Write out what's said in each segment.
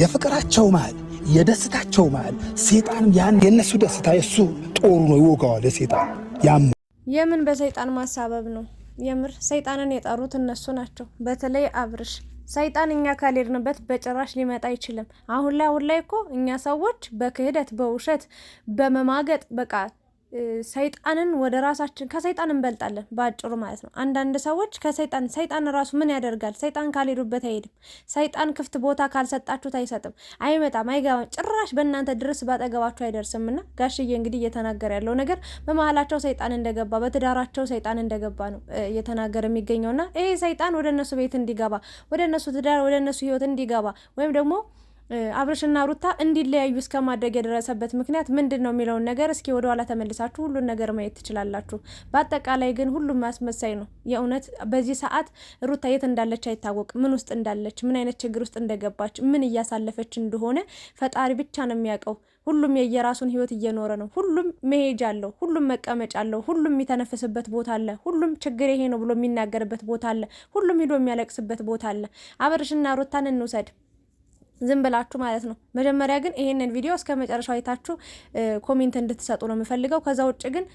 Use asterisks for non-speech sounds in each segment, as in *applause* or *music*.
የፍቅራቸው መሃል የደስታቸው መሃል ሴጣን ያን የእነሱ ደስታ የእሱ ጦሩ ነው፣ ይወጋዋል። ሴጣን ያም የምን በሰይጣን ማሳበብ ነው። የምር ሰይጣንን የጠሩት እነሱ ናቸው። በተለይ አብርሽ ሰይጣን እኛ ካልሄድንበት በጭራሽ ሊመጣ አይችልም። አሁን ላይ አሁን ላይ እኮ እኛ ሰዎች በክህደት በውሸት በመማገጥ በቃ ሰይጣንን ወደ ራሳችን ከሰይጣን እንበልጣለን በአጭሩ ማለት ነው። አንዳንድ ሰዎች ከሰይጣን ሰይጣን ራሱ ምን ያደርጋል? ሰይጣን ካልሄዱበት አይሄድም። ሰይጣን ክፍት ቦታ ካልሰጣችሁት አይሰጥም፣ አይመጣም፣ አይገባም፣ ጭራሽ በእናንተ ድረስ ባጠገባችሁ አይደርስም። እና ጋሽዬ እንግዲህ እየተናገረ ያለው ነገር በመሀላቸው ሰይጣን እንደገባ በትዳራቸው ሰይጣን እንደገባ ነው እየተናገረ የሚገኘውና ይሄ ሰይጣን ወደ እነሱ ቤት እንዲገባ ወደ እነሱ ትዳር ወደ እነሱ ህይወት እንዲገባ ወይም ደግሞ አብርሽና ሩታ እንዲለያዩ እስከ ማድረግ የደረሰበት ምክንያት ምንድን ነው የሚለውን ነገር እስኪ ወደ ኋላ ተመልሳችሁ ሁሉን ነገር ማየት ትችላላችሁ። በአጠቃላይ ግን ሁሉም ማስመሳይ ነው። የእውነት በዚህ ሰዓት ሩታ የት እንዳለች አይታወቅ፣ ምን ውስጥ እንዳለች፣ ምን አይነት ችግር ውስጥ እንደገባች፣ ምን እያሳለፈች እንደሆነ ፈጣሪ ብቻ ነው የሚያውቀው። ሁሉም የየራሱን ህይወት እየኖረ ነው። ሁሉም መሄጃ አለው። ሁሉም መቀመጫ አለው። ሁሉም የሚተነፍስበት ቦታ አለ። ሁሉም ችግር ይሄ ነው ብሎ የሚናገርበት ቦታ አለ። ሁሉም ሂዶ የሚያለቅስበት ቦታ አለ። አብርሽና ሩታን እንውሰድ። ዝም ብላችሁ ማለት ነው። መጀመሪያ ግን ይሄንን ቪዲዮ እስከ መጨረሻው አይታችሁ ኮሜንት እንድትሰጡ ነው የምፈልገው። ከዛ ውጭ ግን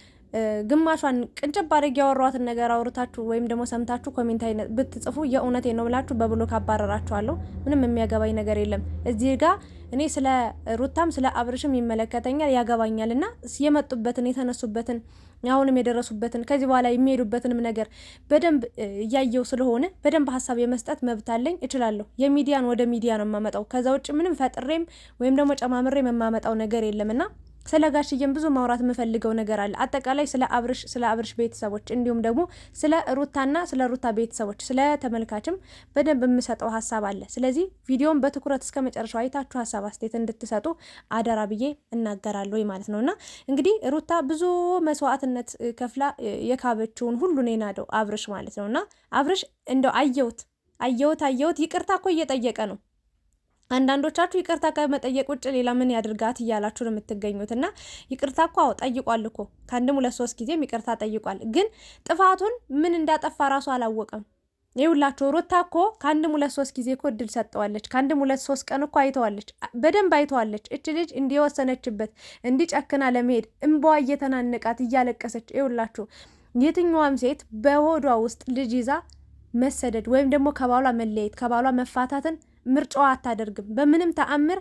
ግማሿን ቅንጭብ አድርግ ያወሯትን ነገር አውርታችሁ ወይም ደግሞ ሰምታችሁ ኮሜንት አይነት ብትጽፉ የእውነቴ ነው ብላችሁ በብሎክ አባረራችኋለሁ። ምንም የሚያገባኝ ነገር የለም። እዚህ ጋ እኔ ስለ ሩታም ስለ አብርሽም ይመለከተኛል፣ ያገባኛል እና የመጡበትን የተነሱበትን አሁንም የደረሱበትን ከዚህ በኋላ የሚሄዱበትንም ነገር በደንብ እያየው ስለሆነ በደንብ ሀሳብ የመስጠት መብት አለኝ፣ እችላለሁ። የሚዲያን ወደ ሚዲያ ነው የማመጣው። ከዛ ውጭ ምንም ፈጥሬም ወይም ደግሞ ጨማምሬም የማመጣው ነገር የለም ና። ስለ ጋሽዬም ብዙ ማውራት የምፈልገው ነገር አለ። አጠቃላይ ስለ አብርሽ ስለ አብርሽ ቤተሰቦች እንዲሁም ደግሞ ስለ ሩታና ስለ ሩታ ቤተሰቦች ስለ ተመልካችም በደንብ የምሰጠው ሀሳብ አለ። ስለዚህ ቪዲዮን በትኩረት እስከ መጨረሻው አይታችሁ ሀሳብ አስተያየት እንድትሰጡ አደራ ብዬ እናገራለሁ ማለት ነውና እንግዲህ ሩታ ብዙ መስዋዕትነት ከፍላ የካበችውን ሁሉ የናደው አብርሽ ማለት ነውና አብርሽ እንደው አየሁት አየውት አየሁት ይቅርታ እኮ እየጠየቀ ነው አንዳንዶቻችሁ ይቅርታ ከመጠየቅ ውጭ ሌላ ምን ያድርጋት እያላችሁ ነው የምትገኙት። እና ይቅርታ እኮ አዎ ጠይቋል እኮ ከአንድም ሁለት ሶስት ጊዜም ይቅርታ ጠይቋል። ግን ጥፋቱን ምን እንዳጠፋ ራሱ አላወቀም። ይኸውላችሁ ሩታ እኮ ከአንድም ሁለት ሶስት ጊዜ እኮ እድል ሰጠዋለች። ከአንድም ሁለት ሶስት ቀን እኮ አይተዋለች፣ በደንብ አይተዋለች። እች ልጅ እንዲወሰነችበት እንዲጨክና ለመሄድ እንባዋ እየተናነቃት እያለቀሰች፣ ይኸውላችሁ የትኛዋም ሴት በሆዷ ውስጥ ልጅ ይዛ መሰደድ ወይም ደግሞ ከባሏ መለየት ከባሏ መፋታትን ምርጫዋ አታደርግም። በምንም ተአምር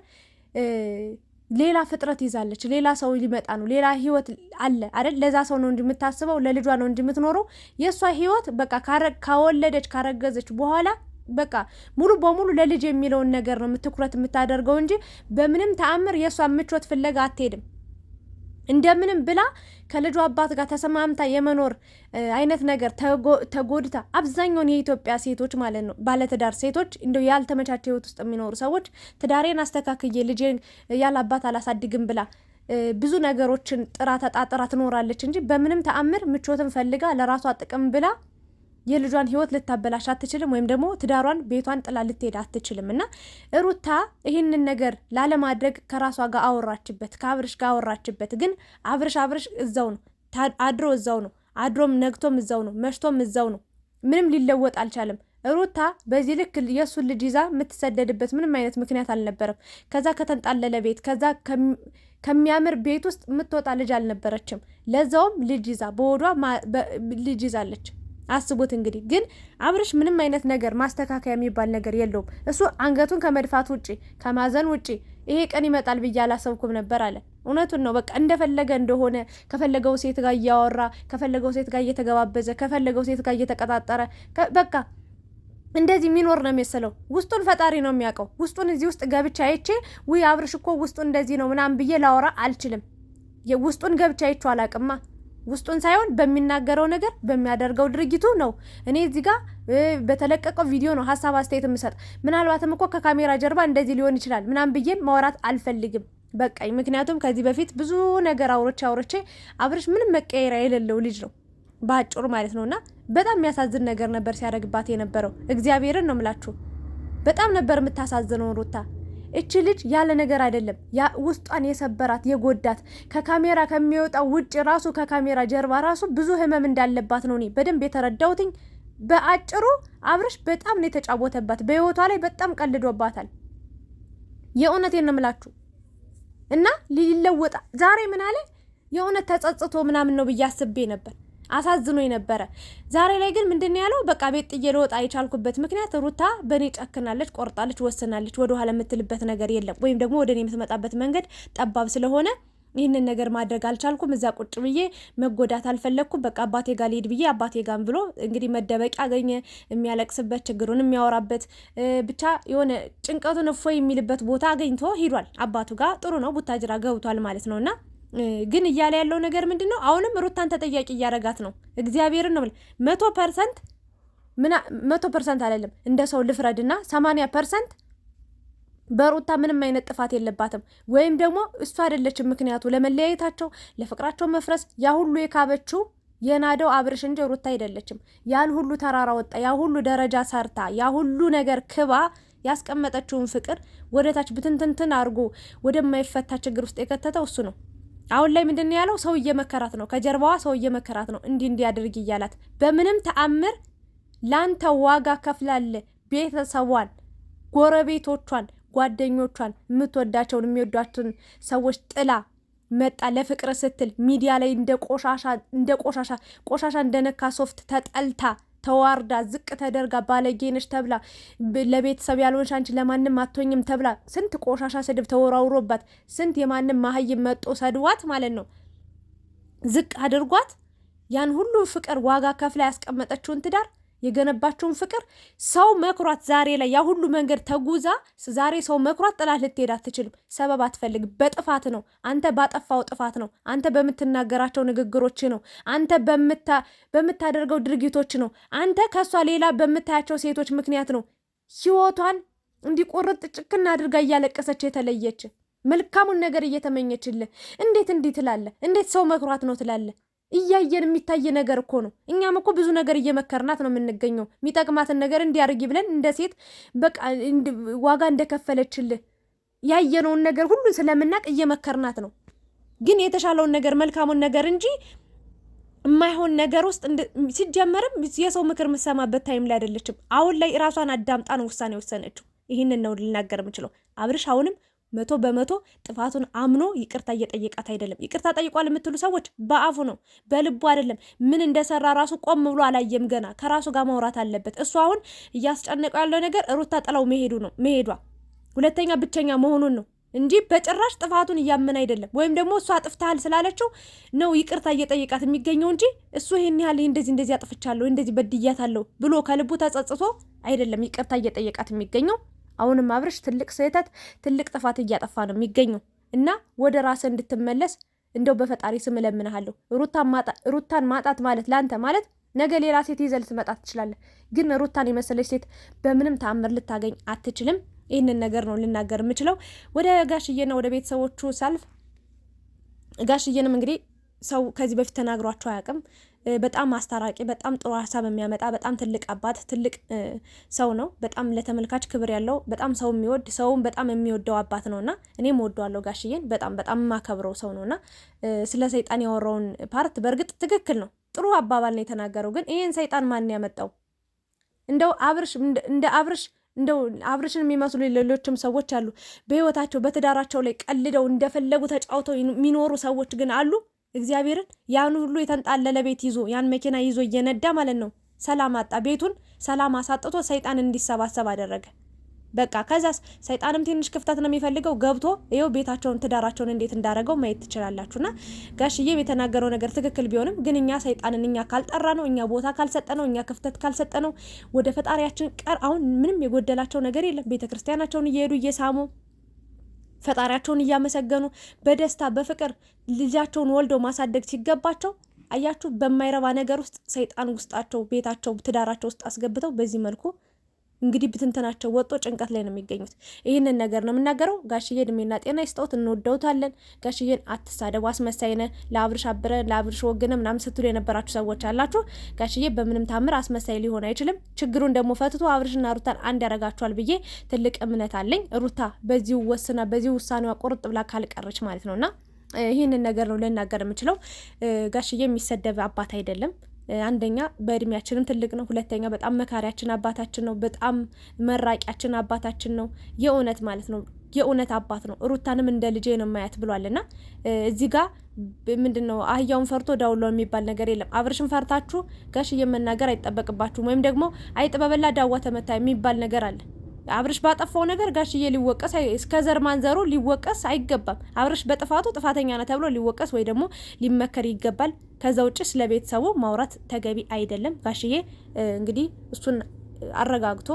ሌላ ፍጥረት ይዛለች። ሌላ ሰው ሊመጣ ነው። ሌላ ህይወት አለ አይደል? ለዛ ሰው ነው እንደምታስበው፣ ለልጇ ነው እንደምትኖረው። የእሷ ህይወት በቃ ካወለደች ካረገዘች በኋላ በቃ ሙሉ በሙሉ ለልጅ የሚለውን ነገር ነው ትኩረት የምታደርገው እንጂ በምንም ተአምር የእሷ ምቾት ፍለጋ አትሄድም። እንደምንም ብላ ከልጇ አባት ጋር ተሰማምታ የመኖር አይነት ነገር ተጎድታ አብዛኛውን የኢትዮጵያ ሴቶች ማለት ነው ባለትዳር ሴቶች እንደው ያልተመቻቸ ህይወት ውስጥ የሚኖሩ ሰዎች ትዳሬን አስተካክዬ ልጄን ያለ አባት አላሳድግም ብላ ብዙ ነገሮችን ጥራ ተጣጥራ ትኖራለች እንጂ በምንም ተአምር ምቾትን ፈልጋ ለራሷ ጥቅም ብላ የልጇን ህይወት ልታበላሽ አትችልም፣ ወይም ደግሞ ትዳሯን ቤቷን ጥላ ልትሄድ አትችልም። እና ሩታ ይህንን ነገር ላለማድረግ ከራሷ ጋር አወራችበት፣ ከአብርሽ ጋር አወራችበት። ግን አብርሽ አብርሽ እዛው ነው አድሮ እዛው ነው አድሮም ነግቶም እዛው ነው መሽቶም እዛው ነው። ምንም ሊለወጥ አልቻለም። ሩታ በዚህ ልክ የእሱን ልጅ ይዛ የምትሰደድበት ምንም አይነት ምክንያት አልነበረም። ከዛ ከተንጣለለ ቤት ከዛ ከሚያምር ቤት ውስጥ የምትወጣ ልጅ አልነበረችም። ለዛውም ልጅ ይዛ በወዷ ልጅ ይዛለች። አስቡት እንግዲህ። ግን አብርሽ ምንም አይነት ነገር ማስተካከያ የሚባል ነገር የለውም። እሱ አንገቱን ከመድፋት ውጪ ከማዘን ውጪ ይሄ ቀን ይመጣል ብዬ አላሰብኩም ነበር አለ። እውነቱን ነው። በቃ እንደፈለገ እንደሆነ ከፈለገው ሴት ጋር እያወራ ከፈለገው ሴት ጋር እየተገባበዘ ከፈለገው ሴት ጋር እየተቀጣጠረ በቃ እንደዚህ የሚኖር ነው የሚመስለው። ውስጡን ፈጣሪ ነው የሚያውቀው። ውስጡን እዚህ ውስጥ ገብቻ አይቼ ውይ አብርሽ እኮ ውስጡ እንደዚህ ነው ምናምን ብዬ ላወራ አልችልም። ውስጡን ገብቻ አይቼው አላቅማ ውስጡን ሳይሆን በሚናገረው ነገር በሚያደርገው ድርጊቱ ነው። እኔ እዚህ ጋር በተለቀቀው ቪዲዮ ነው ሀሳብ አስተያየት የምሰጥ። ምናልባትም እኮ ከካሜራ ጀርባ እንደዚህ ሊሆን ይችላል ምናምን ብዬም ማውራት አልፈልግም በቃኝ። ምክንያቱም ከዚህ በፊት ብዙ ነገር አውሮቼ አውሮቼ አብርሽ ምንም መቀየሪያ የሌለው ልጅ ነው በአጭሩ ማለት ነው። እና በጣም የሚያሳዝን ነገር ነበር ሲያደርግባት የነበረው። እግዚአብሔርን ነው ምላችሁ፣ በጣም ነበር የምታሳዝነው ሩታ። እቺ ልጅ ያለ ነገር አይደለም ውስጧን የሰበራት የጎዳት ከካሜራ ከሚወጣ ውጭ ራሱ ከካሜራ ጀርባ ራሱ ብዙ ህመም እንዳለባት ነው እኔ በደንብ የተረዳሁትኝ። በአጭሩ አብርሽ በጣም ነው የተጫወተባት፣ በህይወቷ ላይ በጣም ቀልዶባታል። የእውነቴን ነው የምላችሁ እና ሊለወጣ ዛሬ ምን አለ የእውነት ተጸጽቶ ምናምን ነው ብዬ አስቤ ነበር። አሳዝኖ ነበረ። ዛሬ ላይ ግን ምንድን ያለው በቃ ቤት ጥዬ ልወጣ የቻልኩበት ምክንያት ሩታ በእኔ ጨክናለች፣ ቆርጣለች፣ ወስናለች። ወደኋላ የምትልበት ነገር የለም ወይም ደግሞ ወደ እኔ የምትመጣበት መንገድ ጠባብ ስለሆነ ይህንን ነገር ማድረግ አልቻልኩም። እዛ ቁጭ ብዬ መጎዳት አልፈለግኩም። በቃ አባቴ ጋር ልሄድ ብዬ አባቴ ጋር ብሎ እንግዲህ መደበቂያ አገኘ፣ የሚያለቅስበት ችግሩን የሚያወራበት ብቻ የሆነ ጭንቀቱን እፎ የሚልበት ቦታ አገኝቶ ሂዷል። አባቱ ጋር ጥሩ ነው፣ ቡታጅራ ገብቷል ማለት ነው እና ግን እያለ ያለው ነገር ምንድን ነው? አሁንም ሩታን ተጠያቂ እያረጋት ነው። እግዚአብሔርን ነው መቶ ፐርሰንት መቶ ፐርሰንት አይደለም እንደ ሰው ልፍረድ ሰማንያ ፐርሰንት በሩታ ምንም አይነት ጥፋት የለባትም። ወይም ደግሞ እሱ አይደለችም ምክንያቱ ለመለያየታቸው ለፍቅራቸው መፍረስ ያ ሁሉ የካበችው የናደው አብርሽ እንጂ ሩታ አይደለችም። ያን ሁሉ ተራራ ወጣ፣ ያ ሁሉ ደረጃ ሰርታ፣ ያ ሁሉ ነገር ክባ ያስቀመጠችውን ፍቅር ወደ ታች ብትንትንትን አድርጎ ወደማይፈታ ችግር ውስጥ የከተተው እሱ ነው። አሁን ላይ ምንድን ያለው ሰው እየመከራት ነው፣ ከጀርባዋ ሰው እየመከራት ነው፣ እንዲህ እንዲያደርግ እያላት በምንም ተአምር ላንተ ዋጋ ከፍላለ ቤተሰቧን፣ ጎረቤቶቿን፣ ጓደኞቿን፣ የምትወዳቸውን የሚወዷትን ሰዎች ጥላ መጣ ለፍቅር ስትል ሚዲያ ላይ እንደ ቆሻሻ እንደ ቆሻሻ ቆሻሻ እንደነካ ሶፍት ተጠልታ ተዋርዳ ዝቅ ተደርጋ ባለጌነሽ ተብላ ለቤተሰብ ያልሆንሽ አንቺ ለማንም አትሆኝም ተብላ ስንት ቆሻሻ ስድብ ተወራውሮባት ስንት የማንም ማህይም መጦ ሰድዋት ማለት ነው። ዝቅ አድርጓት ያን ሁሉ ፍቅር ዋጋ ከፍላ ያስቀመጠችውን ትዳር የገነባቸውን ፍቅር ሰው መኩራት ዛሬ ላይ ያ ሁሉ መንገድ ተጉዛ ዛሬ ሰው መኩራት ጥላት ልትሄድ አትችልም። ሰበብ አትፈልግ። በጥፋት ነው አንተ ባጠፋው ጥፋት ነው አንተ በምትናገራቸው ንግግሮች ነው አንተ በምታደርገው ድርጊቶች ነው አንተ ከእሷ ሌላ በምታያቸው ሴቶች ምክንያት ነው ህይወቷን እንዲቆርጥ ጭክና አድርጋ እያለቀሰች የተለየች መልካሙን ነገር እየተመኘችልህ እንዴት እንዲህ ትላለህ? እንዴት ሰው መኩራት ነው ትላለህ? እያየን የሚታየ ነገር እኮ ነው። እኛም እኮ ብዙ ነገር እየመከርናት ነው የምንገኘው። የሚጠቅማትን ነገር እንዲያርጊ ብለን እንደ ሴት በቃ ዋጋ እንደከፈለችልህ ያየነውን ነገር ሁሉን ስለምናቅ እየመከርናት ነው። ግን የተሻለውን ነገር መልካሙን ነገር እንጂ የማይሆን ነገር ውስጥ ሲጀመርም የሰው ምክር የምትሰማበት ታይም ላይ አይደለችም። አሁን ላይ ራሷን አዳምጣ ነው ውሳኔ የወሰነችው። ይህንን ነው ልናገር የምችለው። አብርሽ አሁንም መቶ በመቶ ጥፋቱን አምኖ ይቅርታ እየጠየቃት አይደለም። ይቅርታ ጠይቋል የምትሉ ሰዎች በአፉ ነው፣ በልቡ አይደለም። ምን እንደሰራ ራሱ ቆም ብሎ አላየም። ገና ከራሱ ጋር ማውራት አለበት። እሱ አሁን እያስጨነቀው ያለው ነገር ሩታ ጥላው መሄዱ ነው፣ መሄዷ፣ ሁለተኛ ብቸኛ መሆኑን ነው እንጂ በጭራሽ ጥፋቱን እያመን አይደለም። ወይም ደግሞ እሷ አጥፍተሃል ስላለችው ነው ይቅርታ እየጠየቃት የሚገኘው እንጂ እሱ ይህን ያህል እንደዚህ እንደዚህ አጥፍቻለሁ፣ እንደዚህ በድያታለሁ ብሎ ከልቡ ተጸጽቶ አይደለም ይቅርታ እየጠየቃት የሚገኘው። አሁንም አብርሽ ትልቅ ስህተት ትልቅ ጥፋት እያጠፋ ነው የሚገኘው እና ወደ ራስ እንድትመለስ እንደው በፈጣሪ ስም እለምንሃለሁ። ሩታን ማጣት ማለት ለአንተ ማለት ነገ ሌላ ሴት ይዘህ ልትመጣ ትችላለህ፣ ግን ሩታን የመሰለች ሴት በምንም ተአምር ልታገኝ አትችልም። ይህንን ነገር ነው ልናገር የምችለው። ወደ ጋሽዬና ወደ ቤተሰቦቹ ሳልፍ ጋሽዬንም እንግዲህ ሰው ከዚህ በፊት ተናግሯቸው አያውቅም። በጣም አስታራቂ፣ በጣም ጥሩ ሀሳብ የሚያመጣ በጣም ትልቅ አባት፣ ትልቅ ሰው ነው። በጣም ለተመልካች ክብር ያለው በጣም ሰው የሚወድ ሰውም በጣም የሚወደው አባት እና እኔም ወደዋለሁ ጋሽዬን በጣም በጣም የማከብረው ሰው እና ስለ ሰይጣን ያወራውን ፓርት በእርግጥ ትክክል ነው። ጥሩ አባባል ነው የተናገረው። ግን ይህን ሰይጣን ማን ያመጣው? እንደው አብርሽ እንደ አብርሽ እንደው አብርሽን የሚመስሉ ሌሎችም ሰዎች አሉ። በህይወታቸው በትዳራቸው ላይ ቀልደው እንደፈለጉ ተጫውተው የሚኖሩ ሰዎች ግን አሉ። እግዚአብሔርን ያን ሁሉ የተንጣለለ ቤት ይዞ ያን መኪና ይዞ እየነዳ ማለት ነው ሰላም አጣ። ቤቱን ሰላም አሳጥቶ ሰይጣን እንዲሰባሰብ አደረገ። በቃ ከዛስ ሰይጣንም ትንሽ ክፍተት ነው የሚፈልገው ገብቶ ይኸው ቤታቸውን ትዳራቸውን እንዴት እንዳደረገው ማየት ትችላላችሁና ጋሽዬ የተናገረው ነገር ትክክል ቢሆንም ግን እኛ ሰይጣንን እኛ ካልጠራ ነው እኛ ቦታ ካልሰጠ ነው እኛ ክፍተት ካልሰጠ ነው ወደ ፈጣሪያችን ቀር አሁን ምንም የጎደላቸው ነገር የለም። ቤተክርስቲያናቸውን እየሄዱ እየሳሙ ፈጣሪያቸውን እያመሰገኑ በደስታ በፍቅር ልጃቸውን ወልደው ማሳደግ ሲገባቸው አያችሁ፣ በማይረባ ነገር ውስጥ ሰይጣን ውስጣቸው፣ ቤታቸው፣ ትዳራቸው ውስጥ አስገብተው በዚህ መልኩ እንግዲህ ብትንተናቸው ወጦ ጭንቀት ላይ ነው የሚገኙት። ይህንን ነገር ነው የምናገረው። ጋሽዬ እድሜና ጤና ይስጠውት፣ እንወደውታለን። ጋሽዬን አትሳደቡ፣ አስመሳይ ነህ፣ ለአብርሽ አብረ ለአብርሽ ወግነ ምናምን ስትሉ የነበራችሁ ሰዎች አላችሁ። ጋሽዬ በምንም ታምር አስመሳይ ሊሆን አይችልም። ችግሩን ደግሞ ፈትቶ አብርሽና ሩታን አንድ ያደርጋቸዋል ብዬ ትልቅ እምነት አለኝ። ሩታ በዚሁ ወስና በዚህ ውሳኔዋ ቁርጥ ብላ ካልቀረች ማለት ነውና ይህንን ነገር ነው ልናገር የምችለው። ጋሽዬ የሚሰደብ አባት አይደለም። አንደኛ በእድሜያችንም ትልቅ ነው። ሁለተኛ በጣም መካሪያችን አባታችን ነው። በጣም መራቂያችን አባታችን ነው። የእውነት ማለት ነው። የእውነት አባት ነው። ሩታንም እንደ ልጄ ነው ማያት ብሏልና እዚህ ጋር ምንድን ነው አህያውን ፈርቶ ዳውሎ የሚባል ነገር የለም። አብርሽን ፈርታችሁ ጋሽዬ መናገር አይጠበቅባችሁም። ወይም ደግሞ አይጥበበላ ዳዋ ተመታ የሚባል ነገር አለ። አብርሽ ባጠፋው ነገር ጋሽዬ ሊወቀስ እስከ ዘር ማንዘሩ ሊወቀስ አይገባም። አብርሽ በጥፋቱ ጥፋተኛ ነው ተብሎ ሊወቀስ ወይ ደግሞ ሊመከር ይገባል። ከዛ ውጭ ስለ ቤተሰቡ ማውራት ተገቢ አይደለም። ጋሽዬ እንግዲህ እሱን አረጋግቶ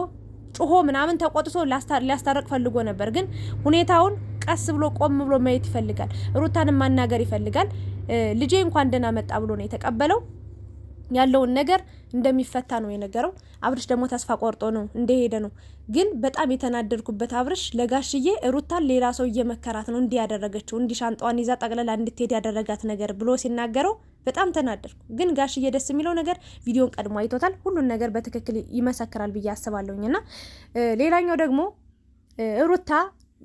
ጩሆ ምናምን ተቆጥቶ ሊያስታረቅ ፈልጎ ነበር፣ ግን ሁኔታውን ቀስ ብሎ ቆም ብሎ ማየት ይፈልጋል። ሩታንም ማናገር ይፈልጋል። ልጄ እንኳን ደህና መጣ ብሎ ነው የተቀበለው። ያለውን ነገር እንደሚፈታ ነው የነገረው። አብርሽ ደግሞ ተስፋ ቆርጦ ነው እንደሄደ ነው። ግን በጣም የተናደድኩበት አብርሽ ለጋሽዬ ሩታን ሌላ ሰው እየመከራት ነው እንዲህ ያደረገችው እንዲህ ሻንጣዋን ይዛ ጠቅለላ እንድትሄድ ያደረጋት ነገር ብሎ ሲናገረው በጣም ተናደድኩ። ግን ጋሽዬ ደስ የሚለው ነገር ቪዲዮን ቀድሞ አይቶታል። ሁሉን ነገር በትክክል ይመሰክራል ብዬ አስባለሁኝ። እና ሌላኛው ደግሞ ሩታ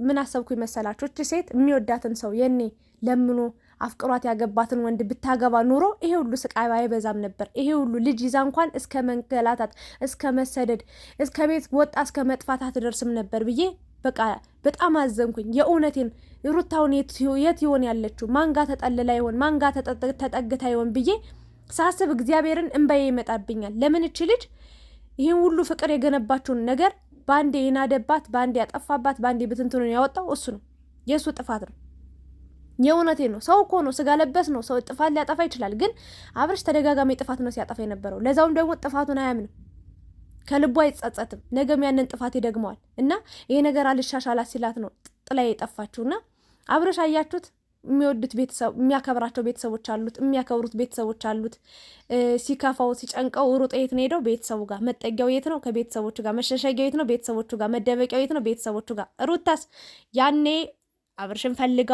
ምን አሰብኩ ይመሰላችሁ? ሴት የሚወዳትን ሰው የኔ ለምኖ አፍቅሯት ያገባትን ወንድ ብታገባ ኑሮ ይሄ ሁሉ ስቃይ አይበዛም ነበር። ይሄ ሁሉ ልጅ ይዛ እንኳን እስከ መንገላታት፣ እስከ መሰደድ፣ እስከ ቤት ወጣ እስከ መጥፋት አትደርስም ነበር ብዬ በቃ በጣም አዘንኩኝ። የእውነቴን ሩታውን የት ይሆን ያለችው? ማንጋ ተጠልላ ይሆን? ማንጋ ተጠግታ ይሆን ብዬ ሳስብ እግዚአብሔርን እንባዬ ይመጣብኛል። ለምን እች ልጅ ይህን ሁሉ ፍቅር የገነባችውን ነገር በአንዴ የናደባት፣ በአንዴ ያጠፋባት፣ በአንዴ ብትንትኑን ያወጣው እሱ ነው። የእሱ ጥፋት ነው። የእውነቴ ነው። ሰው እኮ ነው፣ ስጋ ለበስ ነው። ሰው ጥፋት ሊያጠፋ ይችላል። ግን አብርሽ ተደጋጋሚ ጥፋት ነው ሲያጠፋ የነበረው። ለዛውም ደግሞ ጥፋቱን አያምንም፣ ከልቡ አይጸጸትም። ነገም ያንን ጥፋት ይደግመዋል እና ይሄ ነገር አልሻሻላት ሲላት ነው ጥላ የጠፋችሁ እና አብርሽ አያችሁት የሚወዱት ቤተሰብ የሚያከብራቸው ቤተሰቦች አሉት፣ የሚያከብሩት ቤተሰቦች አሉት። ሲከፋው ሲጨንቀው ሩጦ የት ነው ሄደው? ቤተሰቡ ጋር። መጠጊያው የት ነው? ከቤተሰቦቹ ጋር። መሸሸጊያው የት ነው? ቤተሰቦቹ ጋር። መደበቂያው የት ነው? ቤተሰቦቹ ጋር። ሩታስ ያኔ አብርሽን ፈልጋ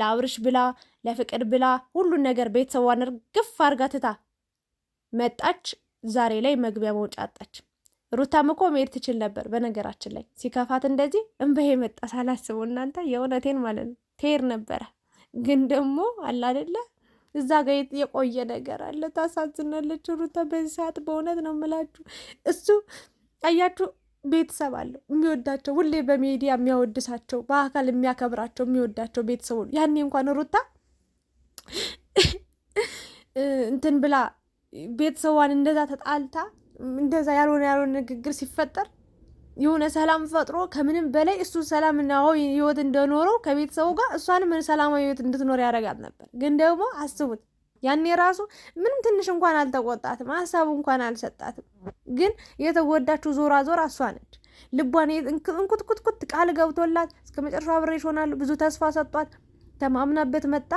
ለአብርሽ ብላ ለፍቅር ብላ ሁሉን ነገር ቤተሰቧን እርግፍ አርጋ ትታ መጣች። ዛሬ ላይ መግቢያ መውጫ አጣች። ሩታም እኮ መሄድ ትችል ነበር። በነገራችን ላይ ሲከፋት እንደዚህ እንበህ መጣ ሳላስቡ እናንተ የእውነቴን ማለት ነው ትሄድ ነበረ። ግን ደግሞ አለ አይደለ እዛ ጋ የቆየ ነገር አለ። ታሳዝናለች ሩታ በዚህ ሰዓት በእውነት ነው የምላችሁ እሱ አያችሁ ቤተሰብ አለው የሚወዳቸው ሁሌ በሚዲያ የሚያወድሳቸው በአካል የሚያከብራቸው የሚወዳቸው ቤተሰቡ ያኔ እንኳን ሩታ *laughs* እንትን ብላ ቤተሰቧን እንደዛ ተጣልታ እንደዛ ያልሆነ ያልሆነ ንግግር ሲፈጠር የሆነ ሰላም ፈጥሮ ከምንም በላይ እሱ ሰላም እና ህይወት እንደኖረው ከቤተሰቡ ጋር እሷንም ሰላማዊ ህይወት እንድትኖር ያደርጋት ነበር። ግን ደግሞ አስቡት ያኔ ራሱ ምንም ትንሽ እንኳን አልተቆጣትም፣ ሀሳቡ እንኳን አልሰጣትም። ግን የተጎዳችው ዞራ ዞር እሷ ነች። ልቧን እንኩትኩትኩት ቃል ገብቶላት እስከ መጨረሻው አብሬሽ ሆናለሁ ብዙ ተስፋ ሰጧት፣ ተማምናበት መጣ።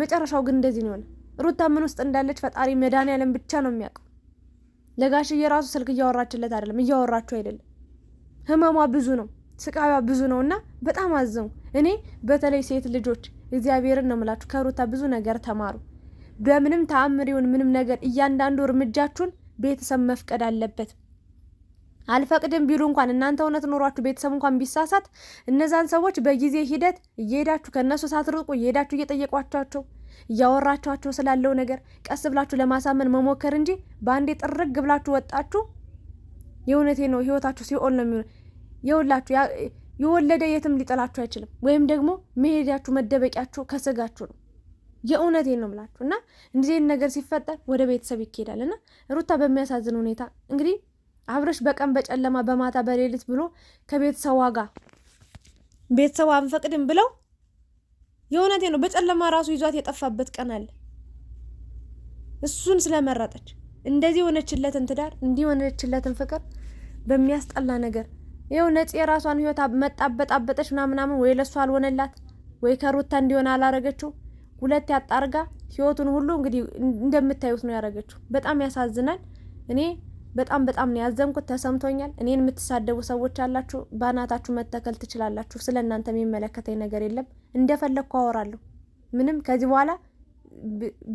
መጨረሻው ግን እንደዚህ ነው። ሩታ ምን ውስጥ እንዳለች ፈጣሪ መድኃኒዓለም ብቻ ነው የሚያውቀው። ለጋሽዬ ራሱ ስልክ እያወራችለት አይደለም፣ እያወራችሁ አይደለም። ህመሟ ብዙ ነው፣ ስቃዩ ብዙ ነው እና በጣም አዘንኩ እኔ። በተለይ ሴት ልጆች እግዚአብሔርን ነው የምላችሁ፣ ከሩታ ብዙ ነገር ተማሩ። በምንም ይሁን ምንም ነገር እያንዳንዱ እርምጃችሁን ቤተሰብ መፍቀድ አለበት። አልፈቅድም ቢሉ እንኳን እናንተ እውነት ኖሯችሁ ቤተሰብ እንኳን ቢሳሳት እነዛን ሰዎች በጊዜ ሂደት እየሄዳችሁ ከእነሱ ሳትርቁ እየሄዳችሁ እየጠየቋቸው እያወራቸኋቸው ስላለው ነገር ቀስ ብላችሁ ለማሳመን መሞከር እንጂ በአንዴ ጥርግ ብላችሁ ወጣችሁ። የእውነቴ ነው፣ ህይወታችሁ ሲኦል ነው የሚሆነው። የሁላችሁ የወለደ የትም ሊጠላችሁ አይችልም። ወይም ደግሞ መሄዳችሁ መደበቂያችሁ ከስጋችሁ ነው። የእውነቴን ነው ምላችሁ እና እንደዚህ ነገር ሲፈጠር ወደ ቤተሰብ ይኬዳል እና ሩታ በሚያሳዝን ሁኔታ እንግዲህ አብረሽ በቀን በጨለማ በማታ በሌሊት ብሎ ከቤተሰቧ ጋር ቤተሰቧ አንፈቅድም ብለው የእውነቴ ነው በጨለማ ራሱ ይዟት የጠፋበት ቀን አለ። እሱን ስለመረጠች እንደዚህ የሆነችለትን ትዳር እንዲህ የሆነችለትን ፍቅር በሚያስጠላ ነገር ይኸው ነጽ የራሷን ህይወት መጣበጣበጠች ምናምናምን ወይ ለእሷ አልሆነላት ወይ ከሩታ እንዲሆን አላረገችው። ሁለት ያጣርጋ ህይወቱን ሁሉ እንግዲህ እንደምታዩት ነው ያደረገችው። በጣም ያሳዝናል። እኔ በጣም በጣም ነው ያዘንኩት፣ ተሰምቶኛል። እኔን የምትሳደቡ ሰዎች አላችሁ በአናታችሁ መተከል ትችላላችሁ። ስለ እናንተ የሚመለከተኝ ነገር የለም። እንደፈለግኩ አወራለሁ። ምንም ከዚህ በኋላ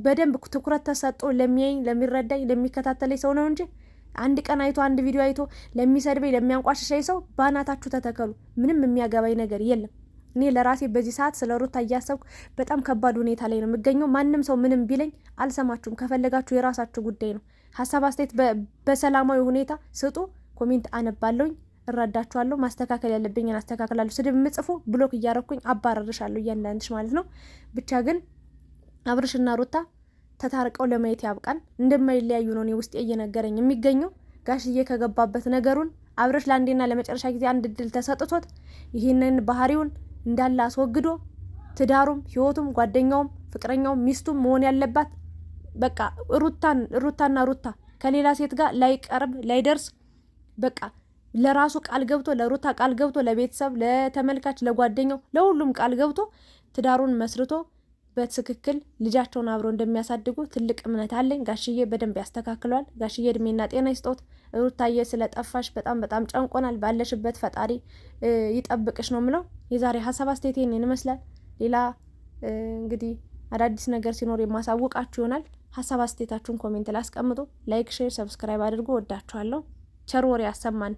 በደንብ ትኩረት ተሰጦ ለሚያይኝ፣ ለሚረዳኝ፣ ለሚከታተለኝ ሰው ነው እንጂ አንድ ቀን አይቶ አንድ ቪዲዮ አይቶ ለሚሰድበኝ፣ ለሚያንቋሽሸኝ ሰው በአናታችሁ ተተከሉ። ምንም የሚያገባኝ ነገር የለም። እኔ ለራሴ በዚህ ሰዓት ስለ ሩታ እያሰብኩ በጣም ከባድ ሁኔታ ላይ ነው የምገኘው። ማንም ሰው ምንም ቢለኝ አልሰማችሁም። ከፈለጋችሁ የራሳችሁ ጉዳይ ነው። ሀሳብ አስተያየት በሰላማዊ ሁኔታ ስጡ። ኮሜንት አነባለሁኝ፣ እረዳችኋለሁ። ማስተካከል ያለብኝን አስተካክላለሁ። ስድብ የምጽፉ ብሎክ እያረኩኝ አባረርሻለሁ፣ እያንዳንድሽ ማለት ነው። ብቻ ግን አብርሽና ሩታ ተታርቀው ለማየት ያብቃን። እንደማይለያዩ ነው እኔ ውስጤ እየነገረኝ የሚገኘው። ጋሽዬ ከገባበት ነገሩን አብርሽ ለአንዴና ለመጨረሻ ጊዜ አንድ እድል ተሰጥቶት ይህንን ባህሪውን እንዳለ አስወግዶ ትዳሩም ህይወቱም ጓደኛውም ፍቅረኛውም ሚስቱም መሆን ያለባት በቃ ሩታን ሩታና ሩታ ከሌላ ሴት ጋር ላይቀርብ ላይደርስ በቃ ለራሱ ቃል ገብቶ ለሩታ ቃል ገብቶ ለቤተሰብ፣ ለተመልካች፣ ለጓደኛው ለሁሉም ቃል ገብቶ ትዳሩን መስርቶ በትክክል ልጃቸውን አብረው እንደሚያሳድጉ ትልቅ እምነት አለኝ። ጋሽዬ በደንብ ያስተካክሏል። ጋሽዬ እድሜና ጤና ይስጦት። ሩታዬ ስለጠፋሽ በጣም በጣም ጨንቆናል። ባለሽበት ፈጣሪ ይጠብቅሽ ነው ምለው። የዛሬ ሀሳብ አስተያየት ይህንን ይመስላል። ሌላ እንግዲህ አዳዲስ ነገር ሲኖር የማሳውቃችሁ ይሆናል። ሀሳብ አስተያየታችሁን ኮሜንት ላስቀምጡ። አስቀምጡ። ላይክ፣ ሼር፣ ሰብስክራይብ አድርጎ ወዳችኋለሁ። ቸር ወሬ ያሰማን።